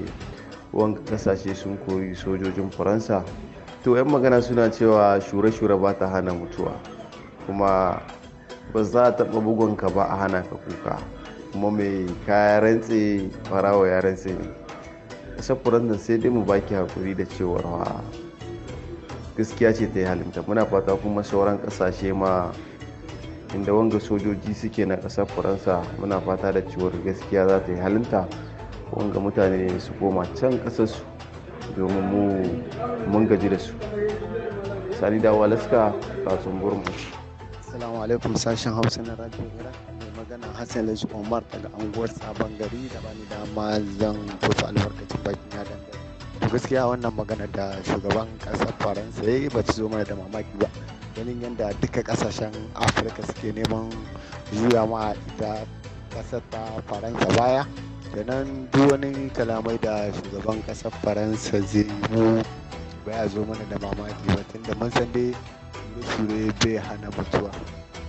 [SPEAKER 7] wanga kasashe sun koyi sojojin faransa to 'yan magana suna cewa shure-shure ba ta hana mutuwa kuma ba za a taɓa bugunka ba a hana ka kuka kuma mai kaya rantse farawa ya rantse safuran nan sai dai mu baki hakuri da cewar wa gaskiya ce ta yi halinta muna fata kuma sauran kasashe ma inda wanga sojoji suke na ƙasar faransa muna fata da cewar gaskiya za ta yi halinta wanga mutane su koma can ƙasarsu domin mu mun gaji da su sani da walaska kasuwan burma
[SPEAKER 8] assalamu
[SPEAKER 9] alaikum sashen hausa na radio magana Hassan Lashi Omar daga anguwar Sabon Gari da bani dama zan fito albarkacin bakin ya gaskiya wannan magana da shugaban ƙasar Faransa ya yi ba zo mana da mamaki ba. Ganin yadda duka kasashen Afirka suke neman juya ma ita ƙasar ta Faransa baya. Kenan duk wani kalamai da shugaban ƙasar Faransa zai mu baya zo mana da mamaki ba tunda mun san dai shure bai hana mutuwa.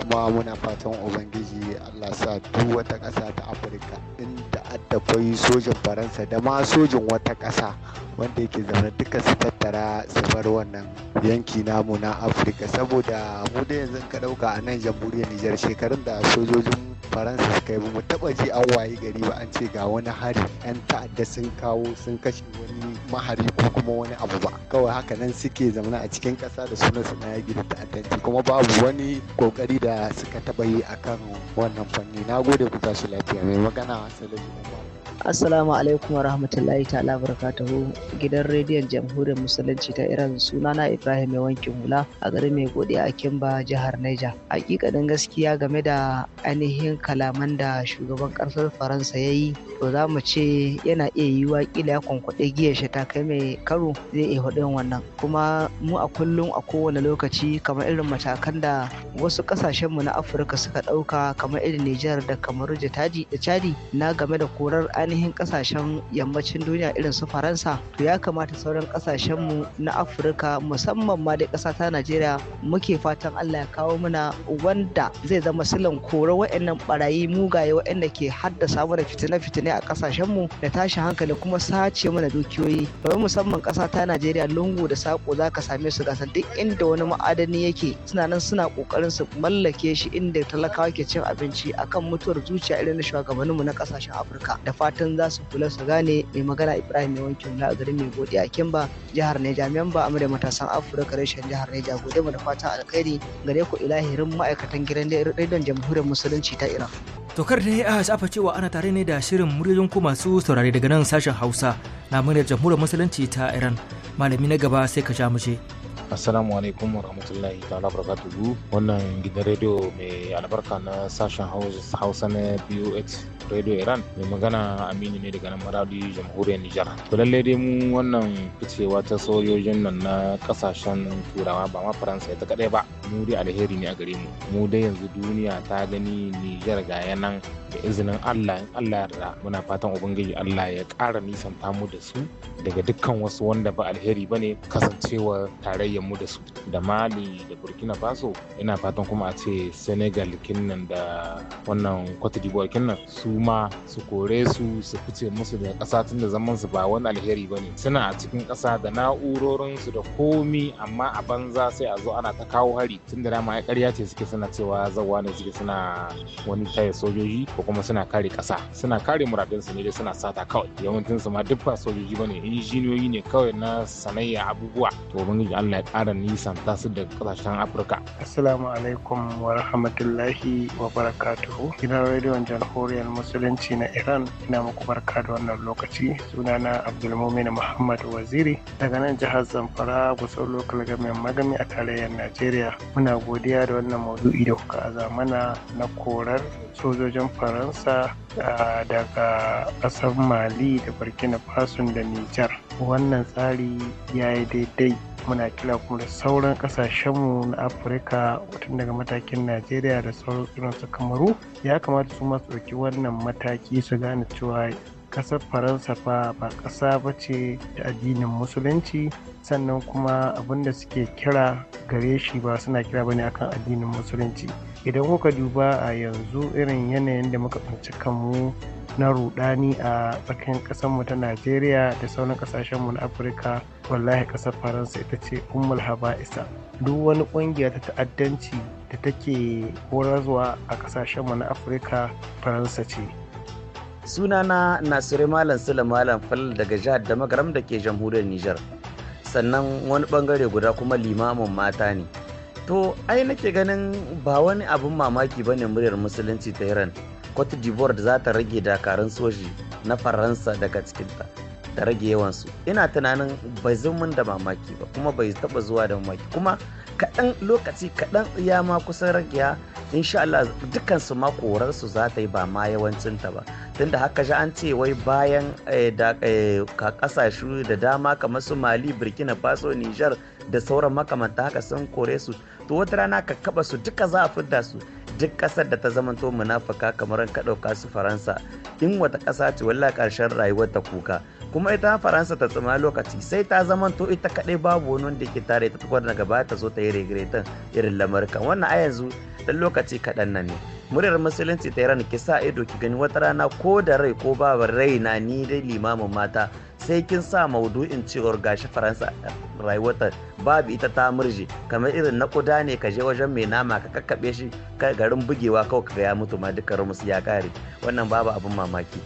[SPEAKER 9] kuma muna fatan ubangiji allah sa duk wata ƙasa ta afirka inda addakwai sojin faransa da ma sojin wata ƙasa wanda yake zaune duka su tattara su bar wannan yanki namu na afirka saboda mu da yanzu ka ɗauka a nan jamhuriyar nijar shekarun da sojojin faransa suka yi mu taɓa ji an wayi gari ba an ce ga wani hari yan ta'adda sun kawo sun kashe wani mahari ko kuma wani abu ba kawai haka nan suke zamana a cikin ƙasa da sunan su na yaƙi da ta'addanci kuma babu wani kokari da suka taba yi akan wannan fanni na gode ku tashi lafiya mai magana hasali umar
[SPEAKER 10] Assalamu alaikum wa rahmatullahi ta'ala barakatuhu gidan rediyon jamhuriyar musulunci ta Iran sunana Ibrahim mai hula a garin mai gode a Kimba jihar Niger. Hakikanin gaskiya game da ainihin kalaman da shugaban ƙasar Faransa ya yi to za mu ce yana iya yiwuwa kila ya kwankwaɗe giyar shi ta kai mai karo zai iya hudu wannan kuma mu a kullum a kowane lokaci kamar irin matakan da wasu ƙasashen mu na Afirka suka ɗauka kamar irin Nijar da kamar da Chadi na game da korar ainihin kasashen yammacin duniya irin su faransa to ya kamata sauran kasashenmu na afirka musamman ma da ƙasa ta najeriya muke fatan allah ya kawo mana wanda zai zama silan koro wa'annan barayi mugaye wa'anda ke haddasa mana fitine-fitine a kasashenmu da tashin hankali kuma sace mana dukiyoyi bari musamman ƙasa ta najeriya lungu da sako za ka same su gasar duk inda wani ma'adani yake suna nan suna ƙoƙarin su mallake shi inda talakawa ke cin abinci akan mutuwar zuciya irin na shugabanninmu na kasashen afirka da fatan fatan za su kula su gane mai magana Ibrahim mai wankin hula a garin mai godi a Kimba jihar Neja memba amma da matasan Afirka reshen jihar Neja gode mu da fatan alkhairi gare ku ilahirin ma'aikatan gidan rediyon jamhuriyar musulunci ta Iran.
[SPEAKER 1] Tokar da ya shafa cewa ana tare ne da shirin muryoyin ku masu saurare daga nan sashen Hausa na muryar jamhuriyar musulunci ta Iran malami na gaba sai ka sha mu
[SPEAKER 11] Assalamu alaikum warahmatullahi ta'ala barakatuhu wannan gidan rediyo mai albarka na sashen Hausa na BOX radio iran mai magana aminu ne daga nan maradi jamhuriyar nijar to lalle dai mu wannan ficewa ta sojojin nan na kasashen turawa ba ma faransa ita kadai ba mu dai alheri ne a gare mu mu dai yanzu duniya ta gani nijar ga yanan da izinin allah in allah yarda muna fatan ubangiji allah ya ƙara nisanta mu da su daga dukkan wasu wanda ba alheri ba ne kasancewa tarayyar mu da su da mali da burkina faso ina fatan kuma a ce senegal kinnan da wannan cote d'ivoire kinnan su Kuma su kore su su fice musu da ƙasa tun da zaman su ba wani alheri ba ne suna a cikin ƙasa da na'urorin su da komi amma a banza sai a zo ana ta kawo hari tun da dama ya ƙarya ce suke suna cewa zawa ne suke suna wani taya sojoji ko kuma suna kare ƙasa suna kare muradun su ne dai suna sata kawai yawancin su ma duk ba sojoji ba ne injiniyoyi ne kawai na sanayya abubuwa to ubangiji Allah ya ƙara nisan tasu da ƙasashen Afirka.
[SPEAKER 4] Assalamu alaikum wa rahmatullahi wa barakatuhu. Ina rediyon jamhuriyar musulunci na iran ina muku barka da wannan lokaci sunana abdulmumin muhammad waziri daga nan jihar zamfara gusau lokal gamin magami a tarayyar najeriya muna godiya da wannan maudu'i da kuka aza mana na korar sojojin faransa daga ƙasar mali da burkina faso da nijar wannan tsari ya yi daidai muna kira kuma da sauran kasashenmu na afirka tun daga matakin najeriya da sauran kamaru ya kamata su masu ɗauki wannan mataki su gane cewa kasar faransa fa ba ƙasa ba ce ta addinin musulunci sannan kuma abin da suke kira gare shi ba suna kira bane akan addinin musulunci idan kuka duba a yanzu irin yanayin da muka tsinci kanmu na rudani a tsakanin ƙasarmu ta najeriya da sauran ƙasashenmu na afirka wallahi ƙasar faransa ita ce ummul haba'isa duk wani ƙungiya ta ta'addanci da take horarwa a mu na afirka faransa ce
[SPEAKER 12] sunana nasiru malam sula malam fal daga jihar da magaram da ke jamhuriyar nijar sannan wani bangare guda kuma limamin mata ne to ai nake ganin ba wani abin mamaki bane muryar musulunci ta iran cote d'ivoire da za ta rage dakarun soji na faransa daga cikinta ta rage yawansu ina tunanin bai zo min da mamaki ba kuma bai taba zuwa da mamaki kuma kaɗan lokaci kaɗan ya ma kusan ya? insha Allah su ma su za ta yi ba ma yawancin ta ba tunda haka ji an ce wai bayan eh, eh, ka kasashe da dama kamar su mali burkina faso niger da sauran makamanta haka sun kore su to wata rana ka kaba su duka za a fidda su duk kasar da ta zama zamanto munafuka kamar ka ɗauka su faransa in wata ƙasa ce walla ƙarshen rayuwar ta kuka kuma ita faransa ta tsima lokaci sai ta zamanto ita kadai babu wani wanda ke tare ta tukwar daga baya ta zo ta yi regretan irin lamarka wannan a yanzu dan lokaci kaɗan nan ne muryar musulunci ta iran ki sa ido ki gani wata rana ko da rai ko babu rai na ni dai limamin mata sai kin sa maudu'in cewar gashi faransa Rayuwata babu ita ta murje kamar irin na kuda ne ka je wajen mai nama ka kakkaɓe shi garin bugewa kawai ka ga ya mutu ma dukkan rumus ya kare wannan babu abin mamaki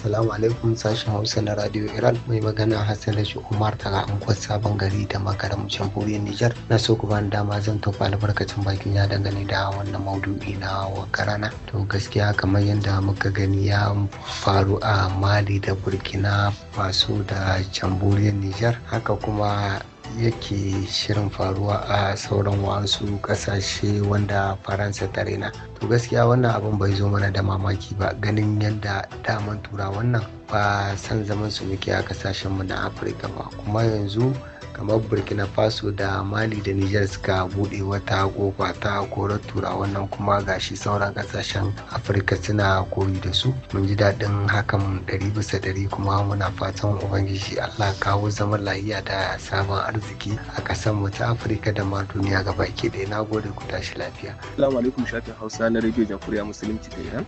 [SPEAKER 9] Assalamu alaikum sashen Hausa na Radio Iran mai magana Hassan Rashi Umar ga Angon Sabon Gari da Makaram Jamhuriyar Nijar. Na so ku bani dama zan tofa albarkacin bakin ya dangane da wannan maudu'i na rana. To gaskiya kamar yadda muka gani ya faru a Mali da Burkina Faso da Jamhuriyar Nijar. Haka kuma yake shirin faruwa a sauran wasu kasashe wanda faransa ta rena to gaskiya wannan abin bai zo mana da mamaki ba ganin yadda daman tura wannan ba san zaman su muke a mu na afirka ba kuma yanzu kamar burkina faso da mali da niger suka bude wata kofa ta korar tura wannan kuma gashi sauran kasashen afirka suna koyi da su mun ji daɗin hakan ɗari bisa ɗari kuma muna fatan ubangiji allah kawo zaman lahiya da sabon arziki a ƙasar mu ta afirka da ma duniya gabaki ɗaya na gode ku
[SPEAKER 8] tashi lafiya. Assalamu alaikum shafin hausa na rediyo jamhuriyar musulunci ta iran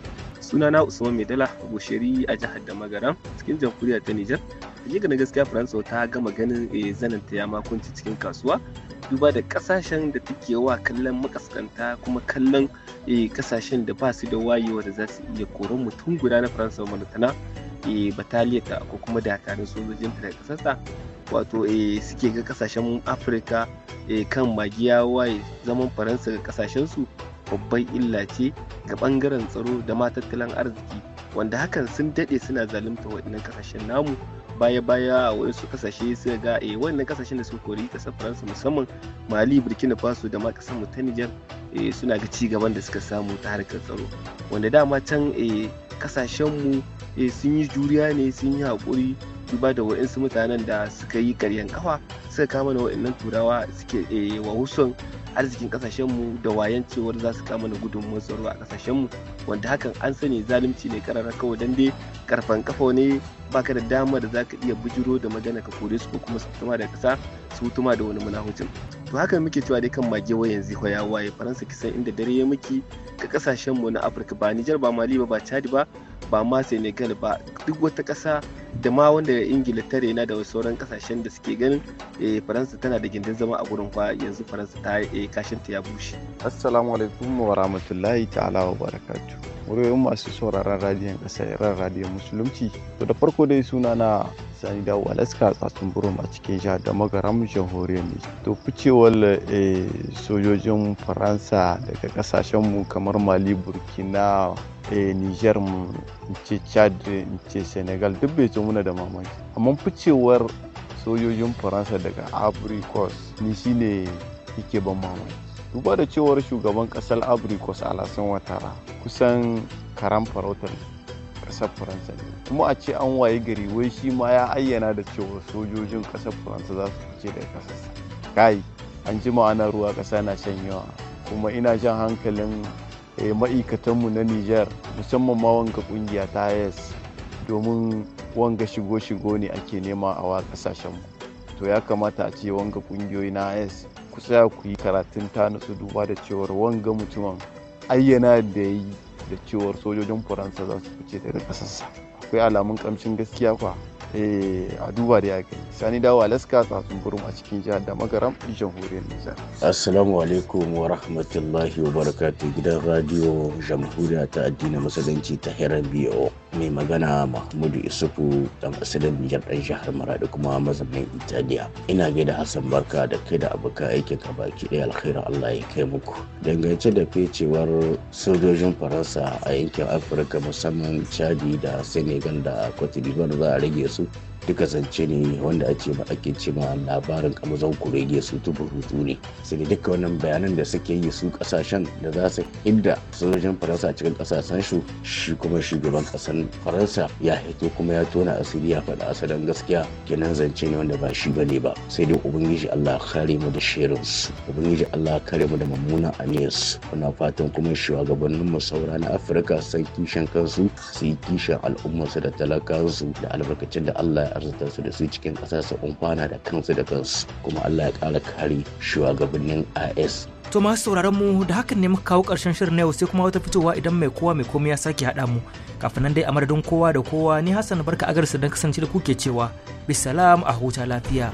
[SPEAKER 8] sunana usman maidala gosheri a jihar da magaran cikin jamhuriyar ta nijar hakika na gaskiya faransa ta gama ganin eh, zananta ya makunci cikin kasuwa duba da kasashen da take wa kallon makaskanta kuma kallon kasashen eh, da ba su da wayewa da za su iya koron mutum guda na faransa malatana eh, bataliyata ko kuma dakarun sojojin ta daga kasarsa wato suke ga kasashen afirka kan magiya waye zaman faransa ga kasashen su babban illa ce ga ɓangaren tsaro da ma tattalin arziki wanda hakan sun daɗe suna zalunta waɗannan ƙasashen namu baya-baya a wasu kasashe suka ga eh wannan kasashen da suka kori kasar faransa musamman mali burkina faso da ma kasar mu ta nijar eh, suna ga ci gaban da suka samu ta harkar tsaro wanda dama can kasashen eh, mu eh, sun yi juriya ne sun yi haƙuri ba da wa'insu mutanen da suka yi karyan kafa suka kama da wa'annan turawa suke eh, wa husun arzikin kasashenmu da wayan cewar za su kama da gudun tsaro a kasashenmu wanda hakan an sani zalunci ne kararra kawai dan dai karfan kafa ne baka da dama da zaka iya bujiro da magana ka kore su ko kuma su tuma da kasa su tuma da wani munafucin to haka muke cewa dai kan mage wa yanzu ya waye faransa kisan inda dare ya miki ka kasashen mu na afirka ba nijar ba mali ba ba chad ba ba ma senegal ba duk wata kasa da ma wanda ingila tare na da sauran kasashen da suke ganin eh, faransa tana da gindin zama a gurin kwa yanzu faransa ta eh, kashin ta ya bushe assalamu alaikum wa
[SPEAKER 7] rahmatullahi ta'ala wa barakatuh muryoyin masu sauraron radiyon kasa radiyon musulunci to da farko farko dai suna na sani da alaska tsatsun burum a cikin jihar da magaram jamhuriyar ne to ficewar eh, sojojin faransa daga mu kamar mali burkina eh, niger ce chad ce senegal duk bai muna da mamaki amma ficewar sojojin faransa daga abricos ni shine yake ban mamaki duba da cewar shugaban kasar abricos alasan watara kusan karam farautar kasar faransa ne kuma a ce an waye gari wai shi ma ya ayyana da cewa sojojin kasar faransa za su fice daga ƙasarsa kai an ji ana ruwa kasa na shan yawa kuma ina jan hankalin eh, ma'aikatanmu na niger musamman ma wanga ƙungiya ta yes domin wanga shigo-shigo ne ake nema a wa mu to ya kamata a ce wanga ƙungiyoyi na yes kusa ku yi karatun ta nutsu duba da cewar wanga mutumin ayyana da yi da cewar sojojin faransa za su fice daga kasarsa akwai alamun kamshin gaskiya kwa eh, a duba da yaƙi sani dawo alaska tsatsun burum a cikin jihar da magaram jamhuriyar nijar
[SPEAKER 13] assalamu alaikum wa rahmatullahi wa barakatuh gidan radio jamhuriya ta addini musulunci ta heran biyu mai magana mahmudu isufu dan asalin niger dan jihar maradi kuma mazaunin italiya ina gaida hassan barka da kai da abokan aikin ka baki ɗaya alkhairu allah ya kai muku dangance da fecewar sojojin faransa a yankin afirka musamman chadi da senegal da cote d'ivoire za a rage su duka zance ne wanda ake ma ake ce ma labarin kamazon kurege su hutu ne sai da duka wannan bayanan da suke yi su kasashen da za su inda sojojin faransa a cikin kasashen su shi kuma shugaban kasan faransa ya haito kuma ya tona asiri ya faɗa asalin gaskiya kenan zance ne wanda ba shi ne ba sai dai ubangiji allah kare mu da shirinsu ubangiji allah kare mu da mummunan aniyarsu muna fatan kuma shugabannin mu saura na afirka sai kishin kansu su yi kishin al'ummarsu da talakansu da albarkacin da allah arzikinsu da su cikin kasar su umfana da kansu da kansu kuma Allah ya kara kare shugabannin IS.
[SPEAKER 1] To masu sauraron mu da hakan ne muka kawo ƙarshen shirin na yau sai kuma wata fitowa idan mai kowa mai komai ya sake haɗa mu kafin nan dai a madadin kowa da kowa ni Hassan barka agarsa dan kasance da kuke cewa bisalam a huta lafiya.